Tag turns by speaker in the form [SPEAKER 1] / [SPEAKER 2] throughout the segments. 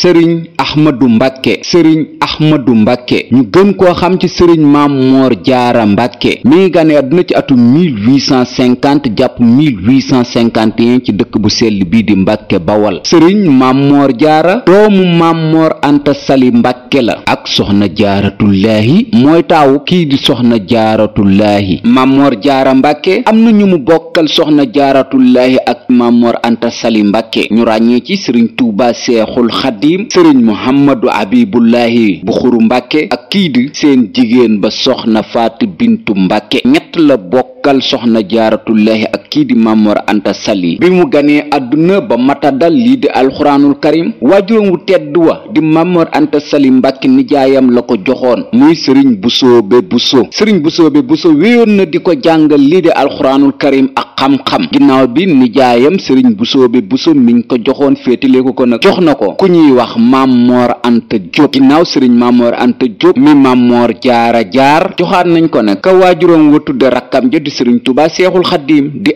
[SPEAKER 1] sëriñ axmadu mbàkke sëriñ axmadu mbàkke ñu gën koo xam ci sëriñ maam jaara mbàkke mi ngi gane àdduna ci atum 1850 jàpp 1851 ci dëkk bu sell bii di mbàkke bawal sëriñ maam moor jaara doomu maam moor sali mbàkke la ak soxna jaaratullaahi mooy taawu kii di soxna jaaratullaahi maam moor jaara mbàkke am na ñu mu bokkal soxna jaaratullaahi ak maam moor anta mbàkke ñu ràññee ci sëriñ tuuba seexul xaddi Xaadim sëriñ Muhammadu Abibullahi bu xuru Mbàkke ak kii di seen jigéen ba soxna Faatu Bintu Mbàkke ñett la bokk bokkal soxna jaaratullahi ak kii di Mamor Anta Sali bi mu ganee àdduna ba matadal lii di alxuraanul karim waajuram wu tedd wa di Mamor Anta Sali Mbàkke nijaayam la ko joxoon muy sëriñ Busoobe Buso sëriñ Busoobe Buso wéyoon na di ko jàngal lii di alxuraanul karim ak xam-xam ginnaaw bi nijaayam sëriñ Busoobe Buso miñ ko joxoon féetale ko ko nag jox na ko ku ñuy wax Mamor Anta Diop ginnaaw sëriñ Mamor Anta Diop mi Mamor Jaara Jaar joxaat nañ di sëriñ tubaa seexul xaddiim di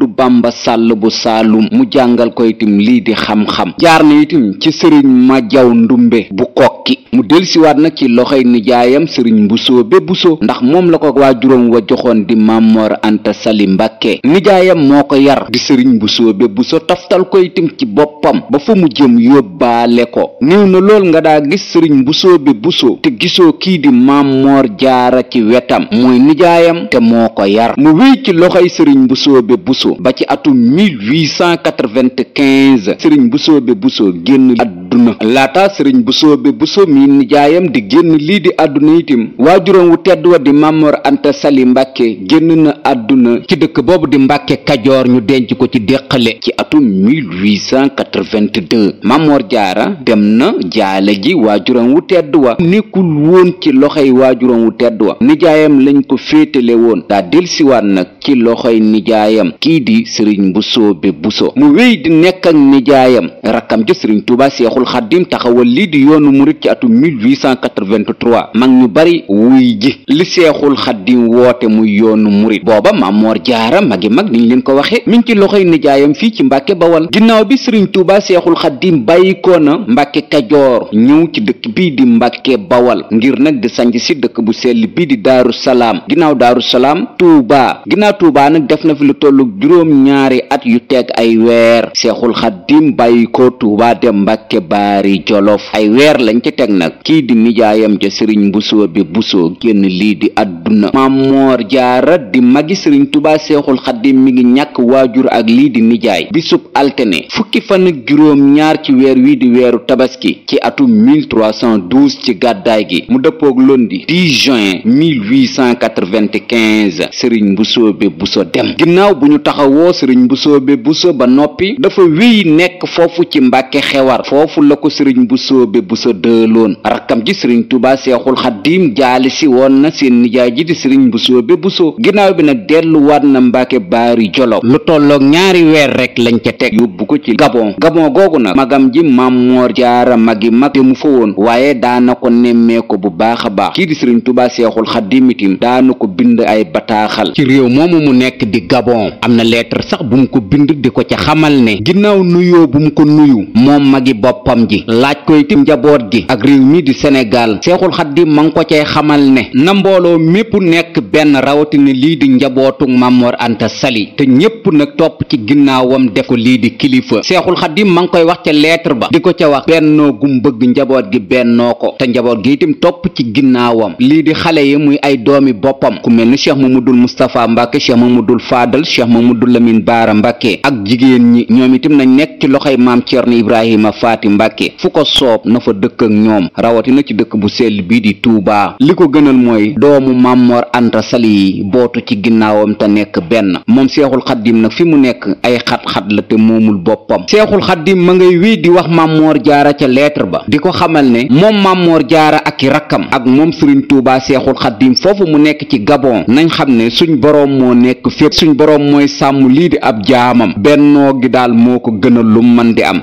[SPEAKER 1] du bamba sàll bu saalum mu jàngal ko lii di xam-xam jaar na itam ci sëriñ ma jaw ndumbe bu kokki mu delsiwaat na ci loxoy nijaayam sëriñ mbusoo be busoo ndax moom la ko juróom wa joxoon di mamor anta sali mbàkke nijaayam moo ko yar di sëriñ mbusoo be busoo taftal ko itam ci boppam ba fa mu jëm yóbbaale ko néew na lool nga daa gis sëriñ mbusoo be busoo te gisoo kii di mamor jaara ci wetam mooy nijaayam Senghor mu wéy ci loxoy sëriñ Mbusoobe Buso ba ci atum 1895 sëriñ Mbusoobe Buso génn laata sëriñ bu soobee Bousso mi nijaayam di génn lii di àdduna itim waajuroom wu tedd wa di Mamor Anta Sali Mbàkke génn na àdduna ci dëkk boobu di Mbàkke Kajoor ñu denc ko ci déqale ci atum 1882 Mamor Jaara dem na jaale ji waajuroom wu tedd wa nekkul woon ci loxoy waajuroom wu tedd wa nijaayam lañ ko féetale woon daa delsiwaat nag ci loxoy nijaayam kii di sëriñ Bousso be Bousso mu wéy di nekk ak nijaayam rakkam ja sëriñ Tuubaa Seexul seexul xaddim taxawal lii di yoonu murit ci atum 1883 mag ñu bari wuy ji li seexul xaddim woote muy yoonu murit booba Mamor Jaara magi mag niñ leen ko waxe mi ngi ci loxoy nijaayam fii ci Mbàkke Bawal ginnaaw bi Sëriñ Tuuba seexul xaddim bàyyi ko na Mbàkke Kajoor ñëw ci dëkk bii di Mbàkke Bawal ngir nag di sanc si dëkk bu sell bii di Daaru Salaam ginnaaw Daaru Salaam Tuuba ginnaaw Tuuba nag def na fi lu tollu juróom ñaari at yu teg ay weer seexul xaddim bàyyi ko xibaari jolof ay weer lañ ci teg nag kii di nijaayam ca sëriñ busoo bi busoo génn lii di àdduna mamoor jaara di magi sëriñ tubaa seexul xaddim mi ngi ñàkk waajur ak lii di nijaay bisub altene fukki fan ak juróom ñaar ci weer wi di weeru tabaski ci atum 1312 ci gàddaay gi mu dëppoog londi 10 juin 1895 sëriñ busoo bi buso dem ginnaaw bu ñu taxawoo sëriñ busoo bi buso ba noppi dafa wéy nekk foofu ci mbàkke xewar foofu la ko sëriñ bu soobe bu sa dëloon rakkam ji sëriñ tuuba seexul xaddiim jaali si woon na seen nijaay ji di sëriñ bu soobe bu soo ginnaaw bi nag delluwaat na mbàkke baari jolof lu tollook ñaari weer rek lañ ca teg yóbbu ko ci gabon gabon googu nag magam ji maam moor jaara magi mag te mu fa woon waaye daana ko nemmee ko bu baax a baax kii di sëriñ tuuba seexul xaddiim itim daana ko bind ay bataaxal ci réew moomu mu nekk di gabon am na lettre sax bu mu ko bind di ko ca xamal ne ginnaaw nuyoo bu mu ko nuyu moom magi bopp boppam ji laaj ko itam njaboot gi ak réew mi di senegal seexul xaddim ma ngi ko cay xamal ne na mbooloo mépp nekk benn rawatina lii di njabootu Mamor Anta Sali te ñépp nag topp ci ginnaawam def ko lii di kilifa seexul xaddim ma ngi koy wax ca lettre ba di ko ca wax bennoo gum bëgg njaboot gi bennoo ko te njaboot gi itam topp ci ginnaawam lii di xale yi muy ay doomi boppam ku mel ni cheikh mamadul moustapha mbàkke cheikh mamadul faadal cheikh mamadul lamin baara mbàkke ak jigéen ñi ñoom itam nañ nekk ci loxoy maam Cerno Ibrahima Fatim mbàkke fu ko soob na fa dëkk ak ñoom rawatina ci dëkk bu sell bii di tuubaa li ko gënal mooy doomu màmmoor anta sali yi bootu ci ginnaawam te nekk benn moom seexul xaddim na fi mu nekk ay xat-xat la te moomul boppam seexul xaddim ma ngay wéy di wax màmmoor jaara ca lettre ba di ko xamal ne moom màmmoor jaara ak i rakkam ak moom sëriñ tuubaa seexul xaddim foofu mu nekk ci gabon nañ xam ne suñ boroom moo nekk fépp suñ boroom mooy sàmm lii di ab jaamam bennoo gi daal moo ko gënal lu mën di am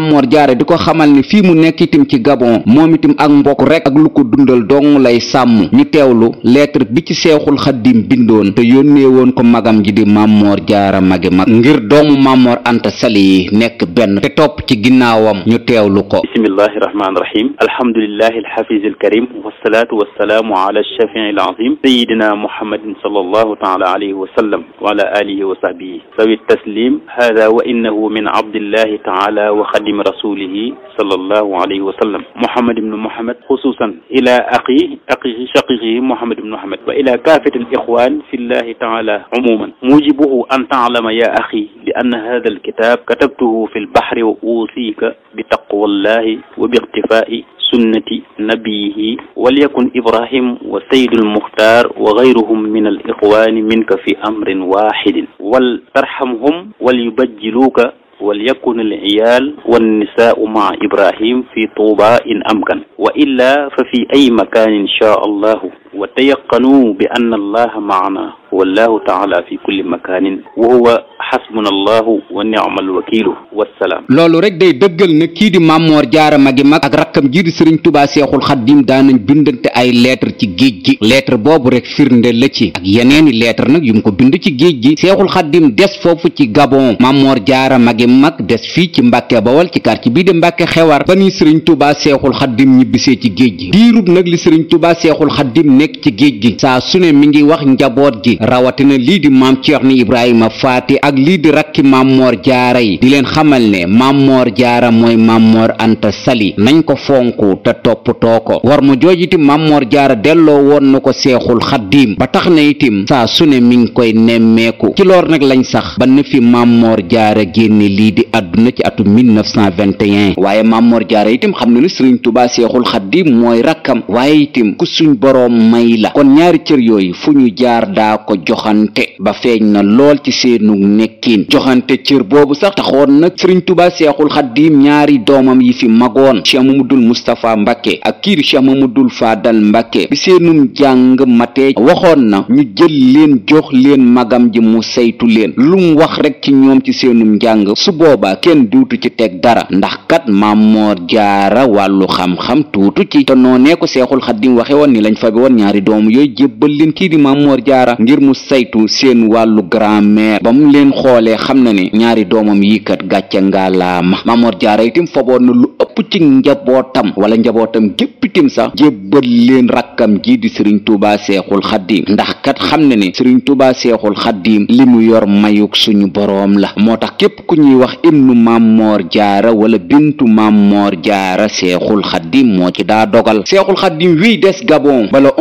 [SPEAKER 1] Mamor Jaara di ko xamal ni fii mu nekk itam ci Gabon moom itam ak mbokk rek ak lu ko dundal dong lay sàmm ñu teewlu lettre bi ci seexul xaddim bindoon te yonne woon ko magam ji di Mamor Jaara magi mag ngir doomu Mamor Anta Sali yi nekk benn te topp ci ginnaawam ñu teewlu ko
[SPEAKER 2] bismillahi rahmaani rahim alhamdulillahi alhafiz alkarim wassalatu wassalaamu ala alshafii alazim sayidina muhammadin sallallahu taala alayhi wa sallam wa ala alihi wa sahbihi sawi taslim hada wa innahu min abdillahi taala xadim rasulihi sallallahu alayhi wa sallam muhammad ibnu muhammad xususan ila aqi aqi shaqiqihi muhammad ibnu muhammad wa ila kaafati al ixwan fi llahi taala umuman mujibuhu an taalama ya axi bi ann hada alkitab katabtuhu fi lbahri wa uusika bi taqwa llahi wa bi iqtifai sunnati nabiyihi walyakun ibrahim wa saydu almuxtar wa gayruhum min al ixwani minka fi amrin waxidin wal tarhamhum wal yubajjiluuka wal yakun al iyaal wan nisaau maa ibrahim fi tuuba in amkan wa illa fa fi ay makaan inshaa allahu wa tayaqanu bi anna allaha maana wallahu taala fi kulli makanin wa huwa xasbuna allahu wa niamal wakilu wassalaam
[SPEAKER 1] loolu rek day dëggal na kii di Mamor Jaara magi mag ak rakkam jii di Sëriñ Tubaa Seexul Xaddim daanañ bindante ay lettre ci géej gi lettre boobu rek firnde la ci ak yeneeni lettre nag yu mu ko bind ci géej gi Seexul Xaddim des foofu ci Gabon jaar Jaara magi mag des fii ci Mbàkke Bawol ci quartier bii di Mbàkke Xewar ba ni Sëriñ Tubaa Seexul Xaddim ñibbisee ci géej gi diirub nag li Sëriñ nekk ci géej gi saa su ne mi ngi wax njaboot gi rawatina lii di maam Ceerno Ibrahima Faati ak lii di rakki maam Moor Jaara yi di leen xamal ne maam Moor Jaara mooy maam Moor Anta Sali nañ ko fonk te toppatoo ko war ma joojiti maam Moor Jaara delloo woon na ko seexul xaddiim ba tax na itim saa su ne mi ngi koy nemmeeku ci loor nag lañ sax ba ne fi maam Moor Jaara génne lii di àdduna ci atum 1921 waaye maam Moor Jaara itim xam na ne Sëriñ Tuubaa seexul xaddiim may la kon ñaari cër yooyu fu ñu jaar daa ko joxante ba feeñ na lool ci seenu nekkin joxante cër boobu sax taxoon nag sëriñ tuba seexul xaddiim ñaari doomam yi fi magoon cheikh mamadul mustapha mbàkke ak kii di mu mamadul faadal mbàkke bi seenum jàng matee waxoon na ñu jël leen jox leen magam ji mu saytu leen lu mu wax rek ci ñoom ci seenum njàng su boobaa kenn duutu ci teg dara ndax kat maam moor jaara wàllu xam-xam tuutu ci te noonee ko seexul xaddiim waxe woon ni lañ fabi ñaari doom yooyu jébbal leen kii di Mamor Jaara ngir mu saytu seen wàllu grand-mère ba mu leen xoolee xam na ni ñaari doomam yi kat gàcce ngaa laa ma Mamor Jaara itam foboon na lu ëpp ci njabootam wala njabootam gépp itam sax jébbal leen rakkam ji di Serigne Touba Seexul Xaddiim ndax kat xam ne ni Serigne Touba Seexul Xaddiim li mu yor mayuk suñu boroom la moo tax képp ku ñuy wax ibnu mamoor Jaara wala bintu Mamor Jaara Seexul Xaddiim moo ci daa dogal Seexul Xaddiim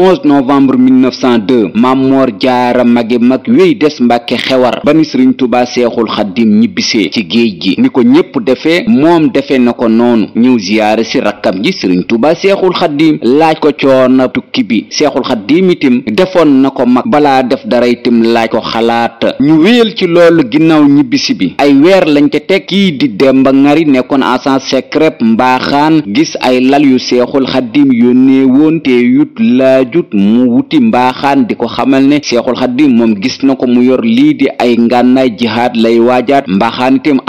[SPEAKER 1] 11 novembre 1902 maam moor jaara magi mag wéy des mbàkke xewar ba ni sëriñ tubaa seexul xaddim ñibbisee ci géej gi ni ko ñépp defee moom defe na ko noonu ñëw ziyaare si rakkam ji sëriñ tubaa seexul xaddim laaj ko coono tukki bi seexul xaddim itim defoon na ko mag balaa def dara itim laaj ko xalaat ñu wéyal ci loolu ginnaaw ñibbisi bi ay weer lañ ca teg kii di demba ngari nekkoon agent secret mbaaxaan gis ay lal yu seexul xaddim yónnee te yut laaju jot mu wuti mbaaxaan di ko xamal ne seexul xaddim moom gis na ko mu yor lii di ay ngànnaay jihaad lay waajaat mbaaxaan itam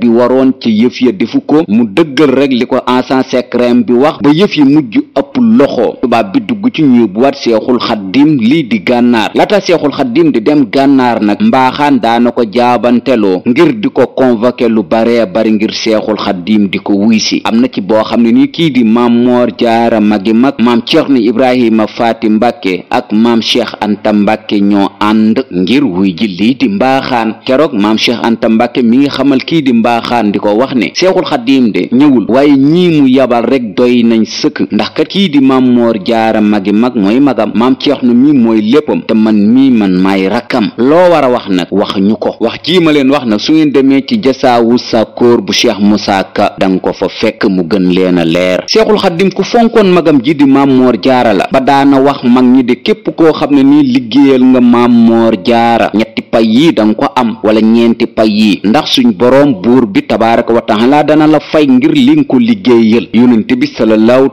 [SPEAKER 1] bi waroon ci yëf ya defu ko mu dëggal rek li ko agent secret bi wax ba yëf yi mujj ëpp loxo tubaab bi dugg ci ñuubuwaat seexul xaddim lii di gànnaar laata seexul xaddim di dem gànnaar nag mbaaxaan daana ko jaabanteloo ngir di ko convoqué lu baree bari ngir seexul xaddim di ko wuy si am na ci boo xam ne ni kii di maam moor jaara magi mag maam Ceerno ibrahima faati mbàkke ak maam cheikh anta mbakke ñoo ànd ngir wuy ji lii di mbaaxaan keroog maam cheikh anta mbàkke mi ngi xamal kii di mbaaxaan di ko wax ne seexul xaddim de ñëwul waaye ñii kii di maam moor jaara magi mag mooy magam maam ceerno mi mooy léppam te man mii man maay rakkam loo war a wax nag wax ñu ko wax jii ma leen wax nag su ngeen demee ci jasaawu sakóor bu cheikh Moussa Ka danga ko fa fekk mu gën leen a leer seexul xaddim ku fonkoon magam ji di maam moor jaara la ba daana wax mag ñi de képp koo xam ne nii liggéeyal nga maam moor jaara ñetti pay yi danga ko am wala ñeenti pay yi ndax suñ boroom buur bi tabaaraka ko liggéeyal yonent bi sallallahu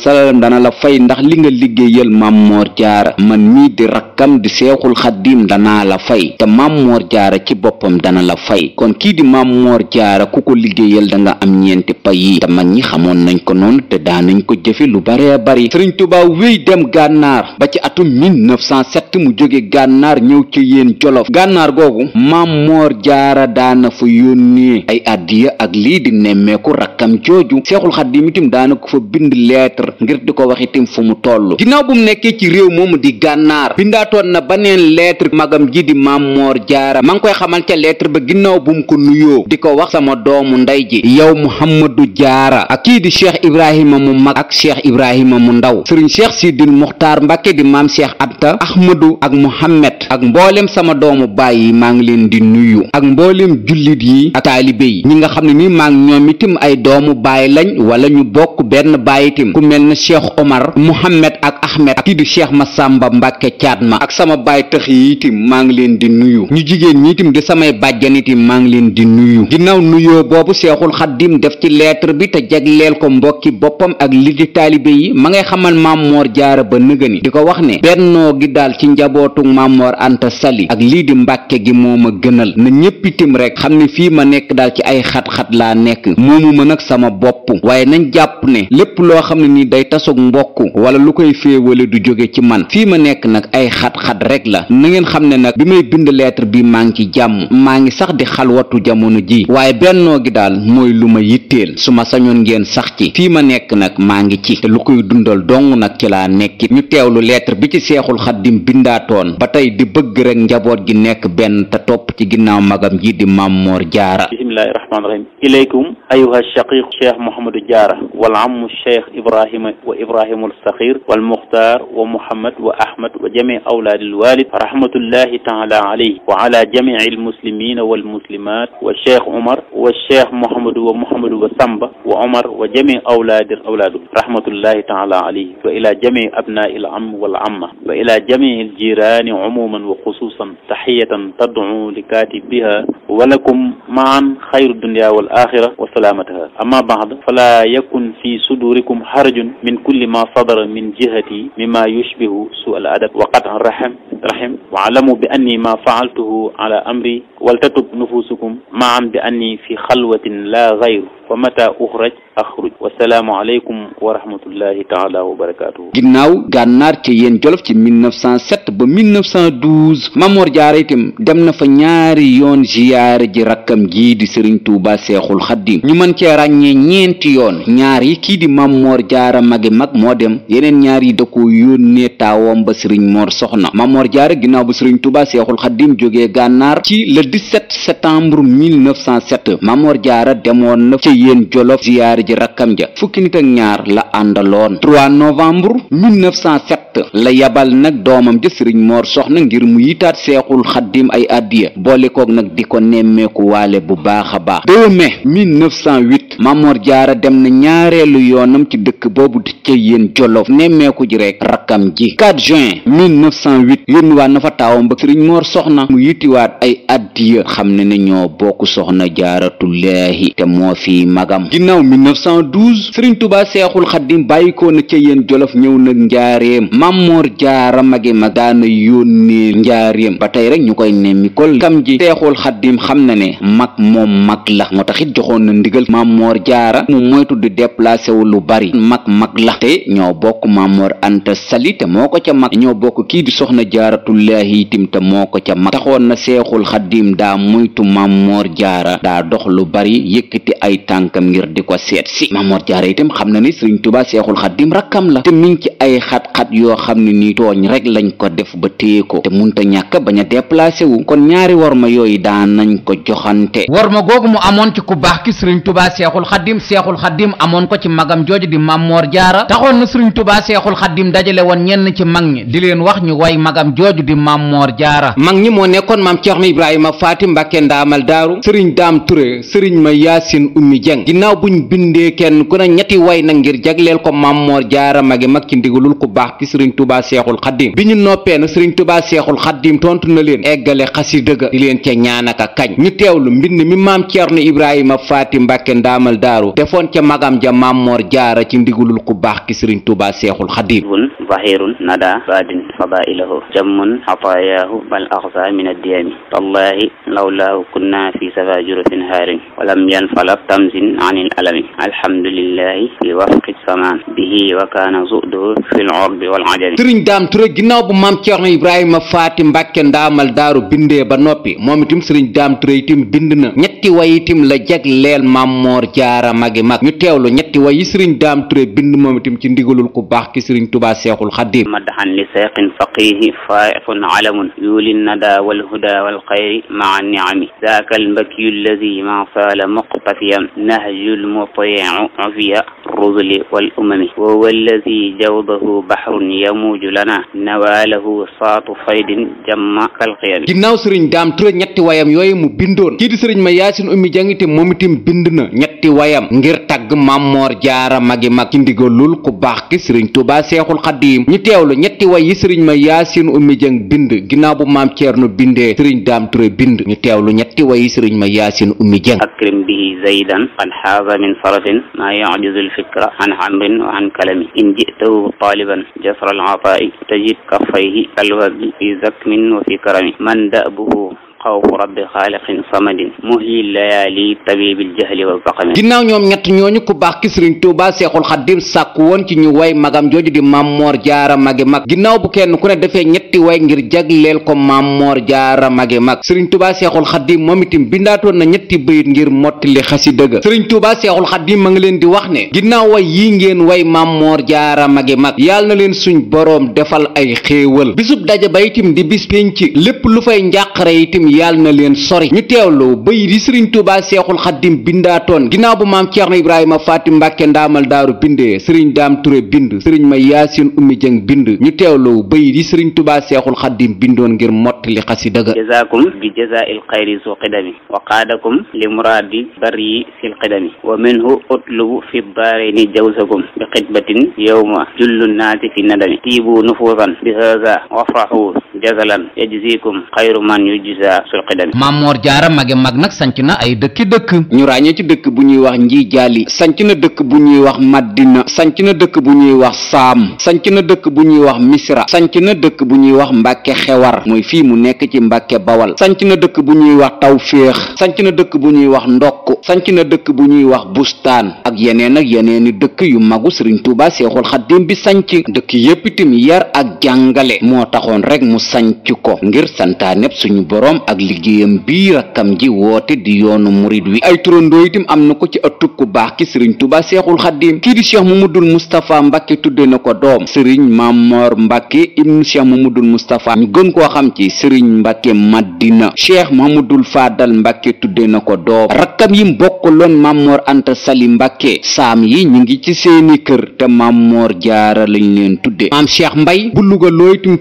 [SPEAKER 1] wasallam dana la fay ndax li nga liggéeyal maam moor jaara man mii di rakkam di seexul xaddiim danaa la fay te maam moor jaara ci boppam dana la fay kon kii di maam moor jaara ku ko liggéeyal danga am ñeenti pay yi te mag ñi xamoon nañ ko noonu te daanañ ko jëfe lu bare bari sëriñ Tuubaa wéy dem gànnaar ba ci atum 1907 mu jóge gànnaar ñëw ci yéen jolof gànnaar googu maam moor jaara daana fa yónnee ay addiya ak lii di nemmeeku rakkam jooju seexul xaddiim itam daana ko fa bind lettre lettre ngir di ko wax itam fu mu toll ginnaaw bu mu nekkee ci réew moomu di gànnaar bindaatoon na ba neen lettre magam ji di maam moor jaara maa ngi koy xamal ca lettre ba ginnaaw bu mu ko nuyoo di ko wax sama doomu ndey ji yow muhammadu jaara ak kii di cheikh ibrahima mu mag ak cheikh ibrahima mu ndaw sëriñ cheikh sidil muxtaar mbàkke di maam cheikh abta ahmadu ak mohammed ak mboolem sama doomu baay yi maa ngi leen di nuyu ak mboolem jullit yi ak taalibe yi ñi xam ne menn cheikh omar mohammed ak ahmed ak kii di cheikh masamba mbàkke caat ma ak sama baay tëx yi itam maa ngi leen di nuyu ñu jigéen ñi itam di samay bàjjan maa ngi leen di nuyu ginnaaw nuyoo boobu seexul xaddim def ci lettre bi te jagleel ko mbokki boppam ak li di taalibe yi ma ngay xamal maam moor jaara ba nëgëni di ko wax ne bennoo gi daal ci njabootu maam moor sali ak lii di mbàkke gi moo ma gënal na ñépp itam rek xam ne fii ma nekk daal ci ay xat laa nekk moomu ma nag sama bopp day tasug mbokk wala lu koy féewale du jóge ci man fii ma nekk nag ay xat-xat rek la na ngeen xam ne nag bi may bind lettre bi maa ngi ci jàmm maa ngi sax di xalwatu jamono ji waaye bennoo gi daal mooy lu ma yitteel su ma sañoon ngeen sax ci fii ma nekk nag maa ngi ci te lu koy dundal dong nag ci laa nekki ñu teewlu lettre bi ci seexul xaddim bindaatoon ba tey di bëgg rek njaboot gi nekk benn te topp ci ginnaaw magam ji di maam moor jaara
[SPEAKER 2] bismillahi rahmaani rahim ibrahima wa ibrahima alsaxir walmuxtar wa muhammad wa ahmad wa jami awlaadi alwalid rahmatullahi taala alayhi wa ala jamici almuslimina walmuslimat wa cheikh omar wa cheikh mouhamadou wa mouhamadou wa samba wa omar wa jami awlaadi awlaadu rahmatullahi taala alayhi wa ila jami abnai alam wal amma wa ila jami aljirani umuman wa xususan taxiyatan tadcu li katibiha wa lakum maan xayru dunia wal axira wa salaamataha amma baxda fala yakun fi sudurikum xaraju muxrajun min kulli ma sadara min jihati mimma yushbihu su al adab wa qatan rahim rahim wa alamu bi anni ma faaltuhu ala amri waltatub nufusukum maam bi anni fi xalwatin la gayru wa mata uxraj axruj wasalaamu aleykum wa rahmatullahi taala wa barakaatu.
[SPEAKER 1] ginnaaw gànnaar ci yéen jolof ci 1907 ba 1912 Mamor Jaara itam dem na fa ñaari yoon ziyaare ji rakkam jii di sëriñ Tuuba Seexul Xaddim ñu man cee ràññee ñeenti yoon ñaar yi kii di Mamor Jaara magi mag moo dem yeneen ñaar yi da ko yónnee taawam ba sëriñ Mor Soxna Mamor Jaara ginnaaw bu sëriñ Tuuba Seexul Xaddim jógee gànnaar ci le 17 septembre 1907 Mamor Jaara demoon na yéen jolof ziyaar ji rakkam ja fukki ñaar la àndaloon 3 novembre la yabal nag doomam ja sëriñ moor soxna ngir mu yitaat seexul xaddim ay addiya boole kook nag di ko nemmeeku waale bu baax a baax 2 mai 1908 Mamor Jaara dem na ñaareelu yoonam ci dëkk boobu di ca yéen jolof nemmeeku ji rek rakkam ji 4 juin 1908 yónni waat na fa taawam ba sëriñ moor soxna mu yitiwaat ay addiya xam ne ne ñoo bokk soxna jaaratullaahi te moo fi magam ginnaaw 1912 sëriñ tubaa seexul xaddim bàyyi ko na ca yéen jolof ñëw nag njaareem mammoor jaara magi ma daana yónnee njaareem ba tey rek ñu koy nemmi kol kam ji seexul xaddim xam na ne mag moom mag la moo tax it joxoon na ndigal mammoor jaara mu moytu di déplacé lu bari mag mag la te ñoo bokk mammoor anta sali te moo ko ca mag ñoo bokk kii di soxna jaaratullaahi itim te moo ko ca mag taxoon na seexul xaddim daa moytu mammoor jaara daa dox lu bari yëkkati ay tànkam ngir di ko seet si mammoor jaara itam xam na ne sëriñ tuba yoo xam ne tooñ rek lañ ko def ba téye ko te munta ñàkk bañ a déplacé wu kon ñaari warma yooyu daan nañ ko joxante warma googu mu amoon ci ku baax ki sëriñ tubaa seexul xaddim seexul xaddim amoon ko ci magam jooju di mammoor jaara taxoon na sëriñ tubaa seexul xaddim dajale woon ñenn ci mag ñi di leen wax ñu way magam jooju di mammoor jaara mag ñi moo nekkoon maam ceerno ibrahima faati mbàkke ndaamal daaru sëriñ daam ture sëriñ ma yaasin ummi jeng ginnaaw buñ bindee kenn ku ne ñetti way na ngir jagleel ko mammoor jaara magi mag ci ndigalul ku baax ki sëriñ tubaa seexul xaddim bi ñu noppee na sëriñ tubaa seexul xaddim tontu na leen eggale xasida ga di leen ca ñaanaka kañ ñu lu mbind mi maam ceerno ibrahima faati mbàkke ndaamal daaru defoon ca magam ja maam moor jaara ci ndigulul ku baax ki sëriñ tubaa seexul xaddim
[SPEAKER 3] ظهير ندى فاد فضائله جم عطاياه بل أغزى من الديام تالله لولاه كنا في سفا جرف هار ولم ينفلت تمز عن الألم الحمد لله في وفق الزمان به وكان زؤده في العرب والعجم
[SPEAKER 1] sëriñ daam Touré ginnaaw bu maam Ceerno Ibrahima Faati Mbàkke ndaamal daaru bindee ba noppi moom itam sëriñ daam Touré itam bind na ñetti way itam la jagleel maam Moor Jaara magi mag ñu teewlu ñetti way yi sëriñ daam Touré bind moom itam ci ndigalul ku baax ki sëriñ Tubaa Seex cheikhul xadim madaxan li seeqin
[SPEAKER 3] faqihi faifun alamun yuuli nada walhuda walxayri maa niami zaaka almbakiyu alladi ma saala muqtasiyan nahju lmutiicu ufiya rusuli wal umami wawa alladi jawdahu bahrun yamuuju lana nawaalahu saatu faydin jamma kalqiyami
[SPEAKER 1] ginnaaw sëriñ daam ture ñetti wayam yooyu mu bindoon kii di sëriñ ma yaasin ummi jangite moom itam bind na ñetti wayam ngir tagg Maam Moor Jaara magi mag ci ndigalul ku baax ki sëriñ Tuubaa seexul xadim yi ñu teewlu ñetti way yi sëriñ ma yaasin ummi jëng bind ginnaaw bu maam ceerno bindee sëriñ daam ture bind ñu teewlu ñetti way yi sëriñ ma yaasin ummi jëng
[SPEAKER 3] akrim bihi zaydan qad xaaza min sarafin maa yajizu alfikra an amrin wa an kalami in jitahu taaliban jasra alataai tajid kafayhi alwasli fi zakmin wa fi karami man dabuhu xawfu rabbi xaaliqin samadin muhyi layaali tabibil jahli wa faqami
[SPEAKER 1] ginnaaw ñoom ñett ñooñu ku baax ki sëriñ tuuba seexul xaddim sàkku woon ci ñu way magam jooju di mammoor jaara magi mag ginnaaw bu kenn ku ne defee ñetti way ngir jagleel ko mammoor jaara magi mag sëriñ tuuba seexul xaddim moom itam bindaatoon na ñetti bayit ngir mottali xasida ga sëriñ tuuba seexul xaddim ma ngi leen di wax ne ginnaaw way yi ngeen way mammoor jaara magi mag yàlla na leen suñ boroom defal ay xéewal yàlla na leen sori ñu teewlu bay di sëriñ Tuubaa Seexul Xaddim bindaatoon ginnaaw bu maam Ceerno Ibrahima Faati Mbàkke ndaamal daaru bindee sëriñ Daam Ture bind sëriñ ma Yaasin Ummi Jëng bind ñu teew teewlu bay di sëriñ Tuubaa Seexul Xaddim bindoon ngir motti xasida ga
[SPEAKER 3] jazaakum bi jazaa'il xayri su qidami wa qaadakum li muraadi bari sil qidami wa minhu utlubu fi daarayni jawsakum bi xidbatin yawma jullu naati fi nadami tiibu nufuusan bi haza jazalan yajzikum xayru man yujza sul
[SPEAKER 1] Jaara mage mag nag sanc na ay dëkki dëkk ñu ràññee ci dëkk bu ñuy wax nji jaali sanc na dëkk bu ñuy wax Madina sanc na dëkk bu ñuy wax Saam sanc na dëkk bu ñuy wax Misra sanc na dëkk bu ñuy wax Mbàkke Xewar mooy fii mu nekk ci Mbàkke Bawal sanc na dëkk bu ñuy wax Tawféex sanc na dëkk bu ñuy wax Ndokk sanc na dëkk bu ñuy wax Bustaan ak yeneen ak yeneeni dëkk yu magu Sëriñ Tuubaa Seexul Xaddim bi sanc dëkk yépp itam yar ak jàngale moo taxoon sanc ko ngir santaaneb suñu boroom ak liggéeyam bi rakkam ji woote di yoonu murit wi ay turandoo itam am na ko ci ëttub ku baax ki sëriñ tubaa seexul xaddiim kii di cheikh mamadul mustapha mbakke tudde na ko doom sëriñ mamor mbàkke ibnu cheikh mamadul mustapha ñu gën koo xam ci sëriñ mbàkke madina mu dul faadal mbàkke tudde na ko doom rakkam yim loon mamor anta sali mbàkke saam yi ñu ngi ci seeni kër te mamor jaara lañ leen maam cheikh mbay bu luga looyitam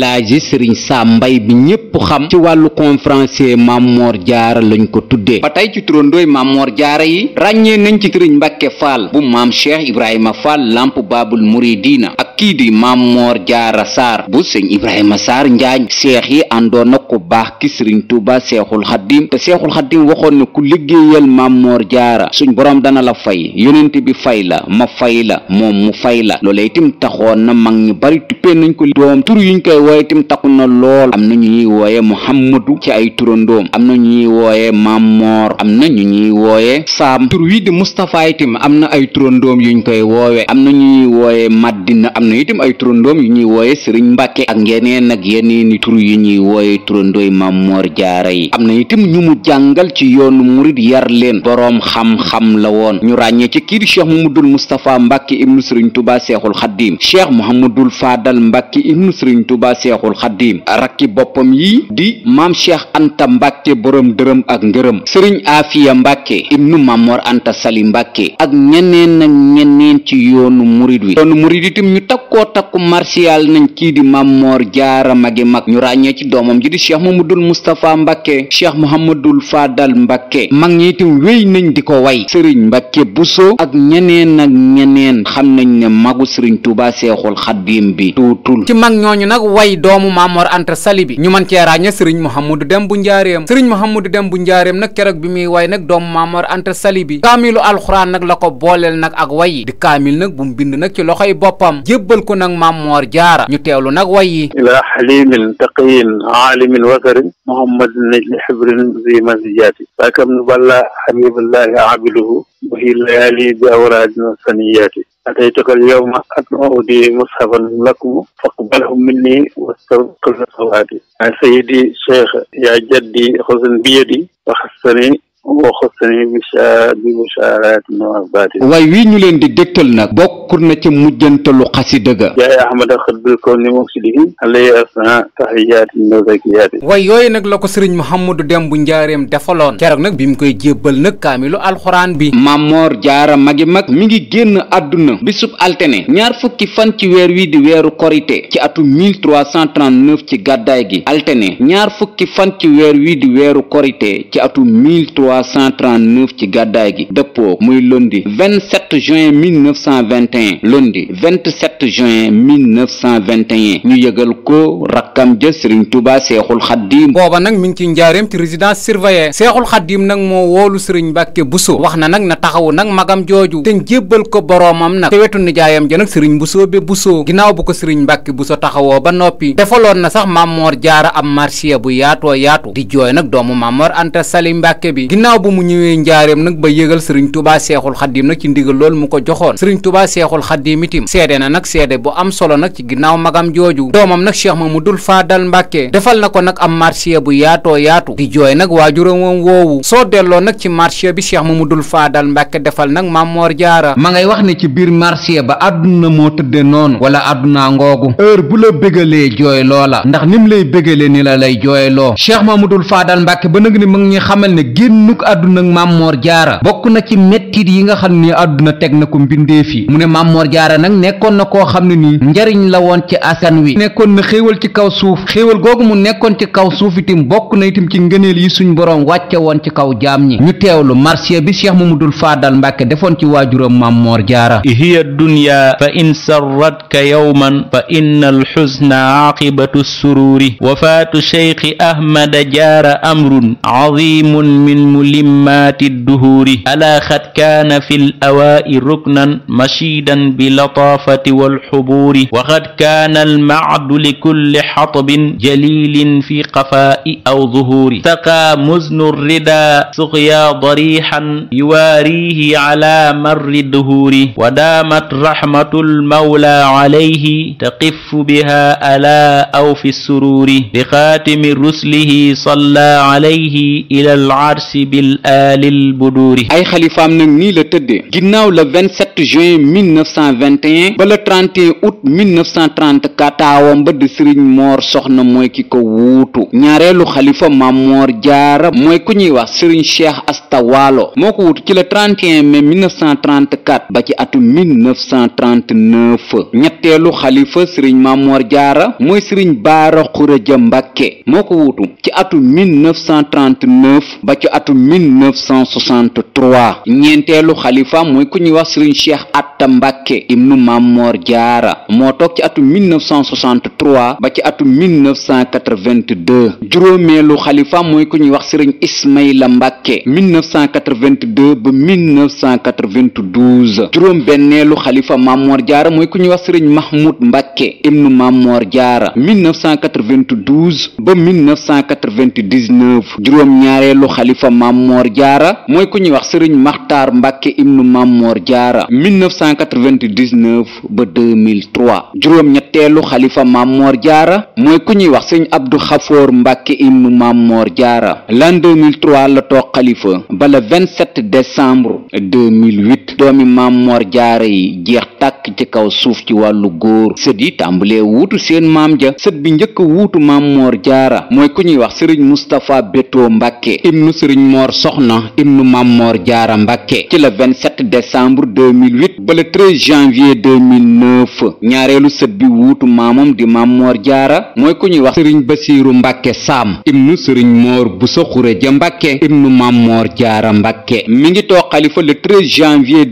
[SPEAKER 1] elaaji sëriñ saam mbay bi ñépp xam ci wàllu conférencier mammoor jaara lañ ko tuddee ba tey ci turandooy moor jaara yi ràññee nañ ci sëriñ mbàkke faal bu maam cheikh ibrahima faal lamp baabul na ak kii di maam moor jaara saar bu sëñ ibrahima saar njaañ seex yi àndoon na ku baax ki sëriñ tuuba seexul xaddim te seexul xaddim waxoon na ku liggéeyal mammoor jaara suñ boroom dana la fay yonent bi fay la ma fay la moom mu fay la loola itam waaye itam takku na lool am na ñu ñuy wooye muhammadu ci ay turandoom am na ñu ñuy wooye mammoor am na ñu wooye saam tur wi di mustapha itam am na ay turandoom yuñ koy woowe am na ñu ñuy wooye maddina am na itam ay turandoom yu ñuy wooye sëriñ mbàkke ak yeneen ak yeneeni tur yu ñuy wooye turandooy mammoor jaara yi am na itam ñu mu jàngal ci yoonu murid yar leen boroom xam-xam la woon ñu ràññee ci kii di cheikh mamadul mustapha mbàkke ibnu sëriñ tubaa seexul xaddim cheikh mohamadul faadal mbàkke ibnu sëriñ tuba seexul xaddiim rakki boppam yi di maam cheikh anta mbàkke borom dërëm ak ngërëm sëriñ afiya mbàkke ibnu mamor anta sali mbàkke ak ñeneen ak ñeneen ci yoonu murid wi yoonu murid itam ñu takkoo takku martial nañ kii di mamor jaara magi mag ñu ràññee ci doomam ji di cheikh mamadul moustapha mbàkke cheikh mohamadul fadal mbàkke mag ñi itam wéy nañ di ko way sëriñ mbàkke buso ak ñeneen ak ñeneen xam nañ ne magu sëriñ tuuba seexul xaddiim bi ay doomu Mamor Anta Sali bi ñu mën cee ràññe sëriñ Mouhamadou Dem bu njaareem sëriñ Mouhamadou Dem bu njaareem nag keroog bi muy way nag doomu Mamor Anta Sali bi kaamilu alxuraan nag la ko booleel nag ak way yi di kaamil nag bu mu bind nag ci loxoy boppam jébbal ko na Mamor Jaara ñu teewlu nag way yi ila
[SPEAKER 2] xalimin taqiyin aalimin wasarin muhammad najli xibrin zi mansijaati bakam nu balla a abiduhu wahi layaali bi awraadin wa أتيتك اليوم أودي مصحفا لكم فاقبله مني واستغفر صلاتي سيدي الشيخ يا جدي خذ بيدي وحسني way
[SPEAKER 1] wii ñu leen di dégtal nag na ca mujjantalu xasida ga yaay ahmada xëdbil ko ni mufsidihi alay asna tahiyatin wa zakiyatin waaye yooyu nag la ko sëriñ Mouhamadou Dembu Njaareem defaloon keroog nag bi mu koy jébbal nag kaamilu alxuraan bi Mamor Jaara magi mag mi ngi génn àdduna bisub altene ñaar fukki fan ci weer wi di weeru korité ci atu 1339 ci gàddaay gi altene ñaar fukki fan ci weer wi di weeru korité ci atu 339 ci gàddaay gi dëppoo muy lundi 27 juin 1921 7 juin 1921 ñu yëgal ko rakkam ja sëriñ Tuuba Seexul Xaddiim booba nag mi ngi ci njaareem ci résidence surveillée Seexul Xaddiim nag moo woolu sëriñ Mbàkke Buso wax na nag na taxawu nag magam jooju te jébbal ko boroomam nag te wetu nijaayam ja nag sëriñ Buso be Buso ginnaaw bu ko sëriñ Mbàkke Buso taxawoo ba noppi defaloon na sax Mamor Jaara am marché bu yaatoo yaatu di jooy nag doomu Mamor Anta Sali Mbàkke bi ginnaaw bu mu ñëwee njaareem nag ba yëgal sëriñ tuba Seexul Xaddiim nag ci ndigal loolu mu ko joxoon sëriñ Tuuba seede bu am solo nag ci ginnaaw magam jooju doomam nag cheikh mamadul faadal mbàkke defal na ko nag am marché bu yaatoo yaatu di jooy nag waajuram woowu soo delloo nag ci marché bi ma mu dul faadal mbàkke defal nag Mamor Jaara ma ngay wax ne ci biir marché ba àdduna moo tëdde noonu wala àdduna ngoogu heure bu la bégalee jooy loola ndax nim lay bégalee ni la lay jooyloo cheikh mamadul faadal mbàkke ba nag ni mu ngi ñuy xamal ne génnuk àdduna ak Mamor bokk na ci mettit yi nga xam ni àdduna teg na ko mbindeef yi mu ne Mamor Jaara nag nekkoon na koo xam ne nii njariñ la woon ci askan wi nekkoon na xéewal ci kaw suuf xéewal googu mu nekkoon ci kaw suuf itam bokk na itam ci ngëneel yi suñ borom wàcce woon ci kaw jaam ñi ñu teewlu marsiya bi Cheikh dul Faadal Mbàkke defoon ci waajuram Mamor Jaara
[SPEAKER 2] hiya dunya fa in sarratka yawman fa inna alxusna aaqibatu sururi wafaatu cheikhi ahmada jaara amrun azimun min mulimmaati duhuri alaa xad kaana fi l awaa'i ruknan mashiidan bi lataafati walxubuuri wa xad kaana almacdu likulli xatabin jalilin fi qafaa'i aw zuhuuri saqaa muznu rida suqyaa darixan yuwaariihi ala marri duhuuri wa daamat raxmatu lmawla alayhi taqifu biha alaa aw fi suruuri bi xaatimi rusulihi salla alayhi
[SPEAKER 1] ila alcarsi bil aali lbuduuri ay xalifaam nag nii la tëddee ginnaaw le 27 juin 1921 ba le 31 août 1934 taawam ba di sëriñ moor soxna mooy ki ko wuutu ñaareelu xalifa maam moor jaara mooy ku ñuy wax sëriñ cheikh asta moo ko wuutu ci le 31 mai 1934 ba ci atu 1939 ñetteelu xalifa sëriñ maam moor jaara mooy sëriñ baara xuraja mbàkke moo ko wuutu ci atu ba ci atu waa ñeenteelu xalifa mooy ku ñuy wax sëriñ cheikh atta mbàkke ibnu Mamor Jaara moo toog ci atum 1963 ba ci atum 1982 juróomeelu xalifa mooy ku ñuy wax sëriñ Ismaïla Mbàkke 1982 ba 1992 juróom benneelu xalifa Mamor Jaara mooy ku ñuy wax sëriñ Mahmoud Mbàkke ibnu Mamor Jaara 1992 ba 1999 juróom ñaareelu xalifa Mamor Jaara mooy ku ñuy wax sëriñ maxtaar mbàkke ibnu mammoor jaara 1999 ba 2003 juróom-ñetteelu xalifa mammoor jaara mooy ku ñuy wax sëñ abdu xafoor mbàkke ibnu mammoor jaara l'an 2003 la toog xalifa ba le 27 décembre 2008 doomi mammoor jaara yi jeex tàkk ci kaw suuf ci wàllu góor sët yi tàmbalee wuutu seen maam ja sët bi njëkk wuutu mammoor jaara mooy ku ñuy wax sëriñ mustapha beto mbàkke ibnu sëriñ moor soxna ibnu mammoor jaara mbàkke ci le 27 décembre 2008 ba le 13 janvier 2009 ñaareelu sët bi wuutu maamam di maam jaara mooy ku ñuy wax sëriñ basiiru mbàkke saam ibnu sëriñ moor buso xureja mbàkke ibnu maam moor jaara mbàkke mi ngi toog xalifa le janvier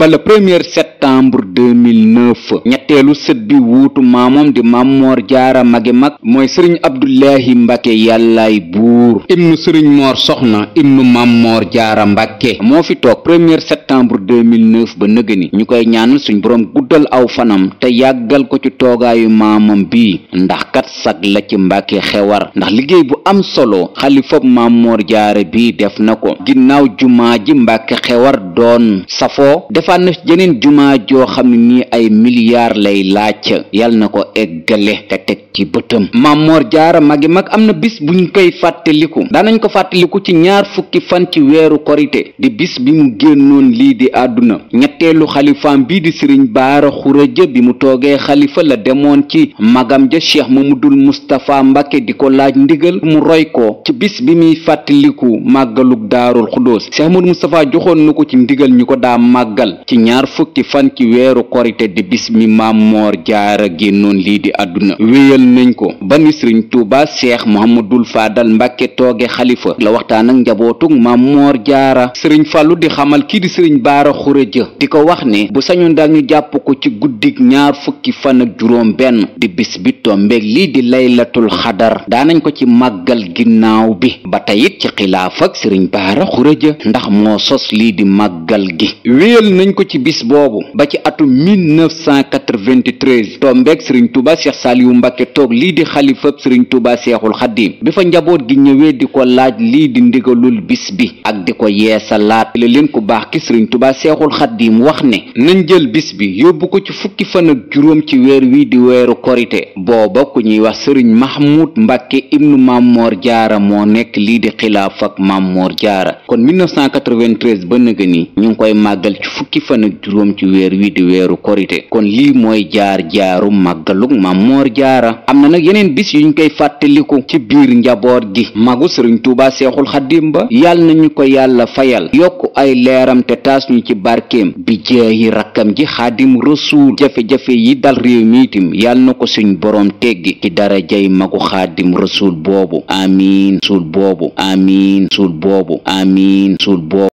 [SPEAKER 1] ba le premier sept décembre 2009 ñetteelu sët bi wuutu maamom di mammoor jaara magi mag mooy sëriñ abdullahi mbàkke yàllaay buur ibnu sëriñ moor soxna ibnu mammoor jaara mbàkke moo fi toog premier set septembre 2009 ba nëgëni ñu koy ñaanal suñ boroom guddal aw fanam te yàggal ko ci toogaayu maamam bi ndax kat sag la ci mbàkke xewar ndax liggéey bu am solo xalifa maam moor jaare bii def na ko ginnaaw jumaa ji mbàkke xewar doon safoo defaat na jeneen jumaa joo xam ne nii ay milliards lay laaj yal na ko eggale te teg ci bëtam maam moor jaara magi mag am na bis buñ koy fàttaliku daanañ ko fàttaliku ci ñaar fukki fan ci weeru korite di bis bi mu génnoon lii di àdduna ñetteelu xalifaam bii di sëriñ baara xuraja bi mu toogee xalifa la demoon ci magam ja cheikh mamadul mustapha mbakke di ko laaj ndigal mu roy ko ci bis bi muy fàttaliku màggalug daarul xudóos cheikh mamadul mustapha joxoon na ko ci ndigal ñu ko daa màggal ci ñaar fukki fan ci weeru korite di bis mi maam moor jaara génnoon lii di àdduna wéyal nañ ko ba ni sëriñ tuuba cheikh mohamadul faadal mbàkke tooge xalifa la waxtaan ak njabootug sëriñ baara xuréja di ko wax ni bu sañoon daal ñu jàpp ko ci guddik ñaar fukki fan ak juróom benn di bis bi tombeeg lii di laylatul xadar daanañ ko ci màggal ginnaaw bi ba teyit ci xilaaf ak sëriñ baara xuréja ndax moo sos lii di màggal gi wéyal nañ ko ci bis boobu ba ci atum 1993 tombeeg sëriñ tuuba seex saaliyu mbàkke toog lii di xalifab sëriñ tuuba seexul xaddiim bi fa njaboot gi ñëwee di ko laaj lii di ndigalul bis bi ak di ko yeesalaat leen ku baax ki sëriñ tubaa seexul xaddiim wax ne nañ jël bis bi yóbbu ko ci fukki fan ak juróom ci weer wi di weeru korite booba ku ñuy wax sëriñ mahmud mbàkke ibnu mammoor jaara moo nekk lii di xilaaf ak mammoor jaara kon 1993 ba nëga ni ñu ngi koy màggal ci fukki fan ak juróom ci weer wi di weeru korite kon lii mooy jaar jaaru màggalug mammoor jaara am na nag yeneen bis yuñ koy fàttaliku ci biir njaboot gi magu sëriñ tubaa seexul xaddiim ba yàlla nañu ko yàlla fayal yokk ay leeram taas ñu ci barkeem bi jaayi rakkam ji xaadim rasuul jafe-jafe yi dal réew mi itam na ko suñ boroom teggi ci dara jay magu xaadim rasuul boobu amiin suul boobu amiin suul boobu amiin suul boobu